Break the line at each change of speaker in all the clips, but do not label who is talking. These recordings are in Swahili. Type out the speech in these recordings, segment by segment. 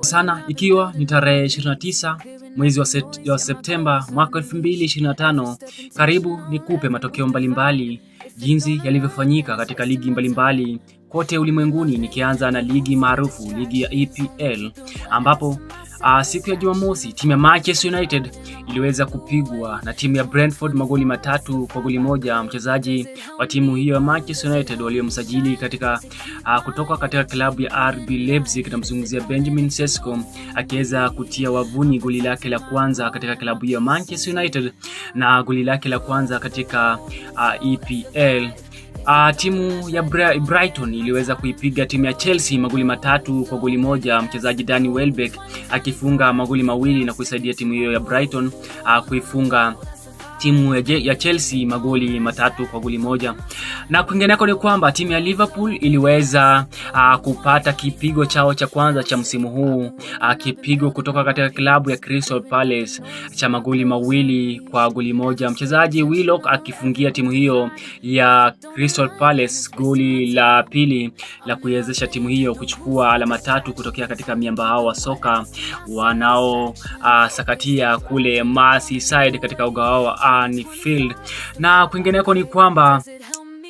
sana ikiwa ni tarehe 29 mwezi wa, set, wa Septemba mwaka 2025. Karibu nikupe matokeo mbalimbali jinsi yalivyofanyika katika ligi mbalimbali kote ulimwenguni, nikianza na ligi maarufu ligi ya EPL ambapo Uh, siku ya Jumamosi timu ya Manchester United iliweza kupigwa na timu ya Brentford magoli matatu kwa goli moja. Mchezaji wa timu hiyo ya Manchester United waliomsajili katika uh, kutoka katika klabu ya RB Leipzig, namzungumzia Benjamin Sesko akiweza kutia wavuni goli lake la kwanza katika klabu hiyo ya Manchester United na goli lake la kwanza katika uh, ah, EPL Uh, timu ya Brighton iliweza kuipiga timu ya Chelsea magoli matatu kwa goli moja, mchezaji Danny Welbeck akifunga magoli mawili na kuisaidia timu hiyo ya Brighton uh, kuifunga timu ya Chelsea magoli matatu kwa goli moja. Na kwingineko ni kwamba timu ya Liverpool iliweza uh, kupata kipigo chao cha kwanza cha msimu huu uh, kipigo kutoka katika klabu ya Crystal Palace cha magoli mawili kwa goli moja, mchezaji Willock akifungia timu hiyo ya Crystal Palace goli la pili la kuiwezesha timu hiyo kuchukua alama tatu kutokea katika miamba hao wa soka wanaosakatia ah, uh, kule Merseyside katika uga wao Anfield. Na kwingineko ni kwamba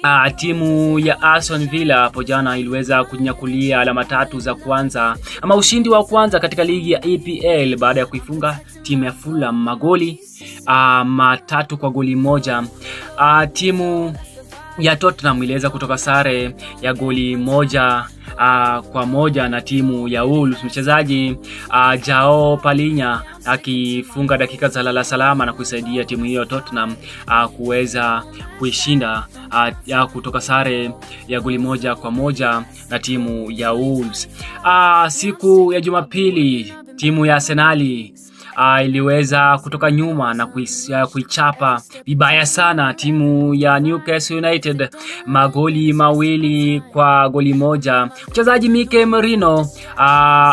Uh, timu ya Aston Villa hapo jana iliweza kunyakulia alama tatu za kwanza ama ushindi wa kwanza katika ligi ya EPL baada ya kuifunga timu ya Fulham magoli uh, matatu kwa goli moja. Uh, timu ya Tottenham iliweza kutoka sare ya goli moja a, kwa moja na timu ya Wolves. Mchezaji jao Palinya akifunga dakika za lala salama na kuisaidia timu hiyo Tottenham uh, kuweza kuishinda ya kutoka sare ya goli moja kwa moja na timu ya Wolves. siku ya Jumapili timu ya Arsenali uh, iliweza kutoka nyuma na kuichapa vibaya sana timu ya Newcastle United magoli mawili kwa goli moja. Mchezaji Mike Merino uh,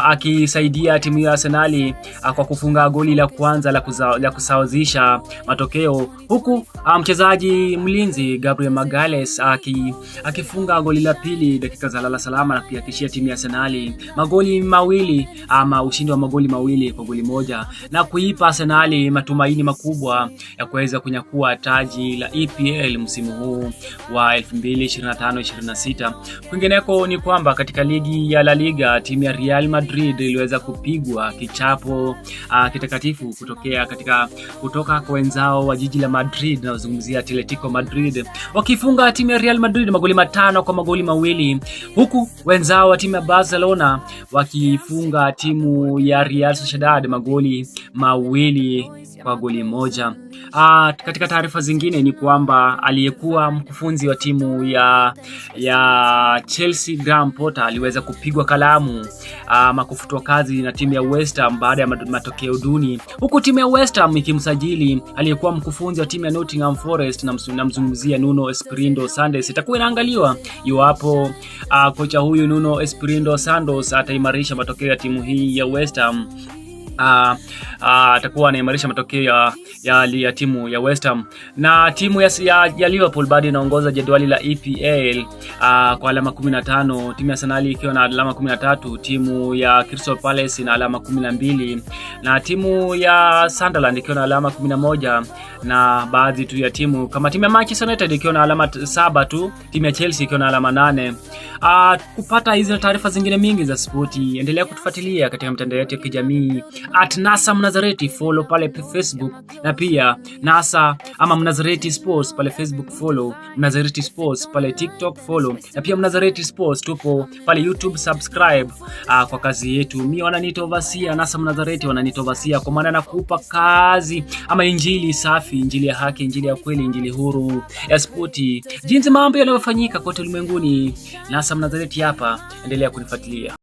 akisaidia timu ya Arsenal uh, kwa kufunga goli la kwanza la, la kusawazisha matokeo huku uh, mchezaji mlinzi Gabriel Magales aki, akifunga goli la pili dakika za lala salama na kuiakishia timu ya Arsenal magoli mawili ama ushindi wa magoli mawili kwa goli moja na na kuipa Arsenal matumaini makubwa ya kuweza kunyakua taji la EPL msimu huu wa 2025-26. Kwingineko ni kwamba katika ligi ya La Liga timu ya Real Madrid iliweza kupigwa kichapo uh, kitakatifu kutokea katika kutoka kwa wenzao wa jiji la Madrid, nazungumzia Atletico Madrid, wakifunga timu ya Real Madrid magoli matano kwa magoli mawili, huku wenzao wa timu ya Barcelona wakifunga timu ya Real Sociedad magoli mawili kwa goli moja. Aa, ah, katika taarifa zingine ni kwamba aliyekuwa mkufunzi wa timu ya ya Chelsea Graham Potter aliweza kupigwa kalamu ah, ama kufutwa kazi na timu ya West Ham baada ya matokeo duni, huku timu ya West Ham ikimsajili aliyekuwa mkufunzi wa timu ya Nottingham Forest, namzungumzia Nuno Espirito Santos. Itakuwa inaangaliwa iwapo ah, kocha huyu Nuno Espirito Santos ataimarisha matokeo ya timu hii ya West Ham Ah, ah, atakuwa anaimarisha matokeo ya, ya, ya timu ya West Ham na timu ya, ya, ya Liverpool bado inaongoza jedwali la EPL uh, ah, kwa alama 15, timu ya Arsenal ikiwa na alama 13, timu ya Crystal Palace ina alama 12 na timu ya Sunderland ikiwa na alama 11 na baadhi tu ya timu kama timu ya Manchester United ikiwa na alama saba tu, timu ya Chelsea ikiwa na alama 8 Uh, kupata hizi na taarifa zingine mingi za spoti, endelea kutufuatilia katika mitandao yetu ya kijamii at NASA Mnazareti, follow pale Facebook, na pia NASA ama Mnazareti Sports pale Facebook, follow Mnazareti Sports pale TikTok, follow na pia Mnazareti Sports tupo pale YouTube, subscribe uh, kwa kazi yetu. Mimi wananiita Ovasia, NASA Mnazareti wananiita Ovasia kwa maana nakupa kazi ama injili safi, injili ya haki, injili ya kweli, injili huru ya spoti, jinsi mambo yanavyofanyika kote ulimwenguni na nasa hasa mnazareti hapa. Endelea kunifuatilia.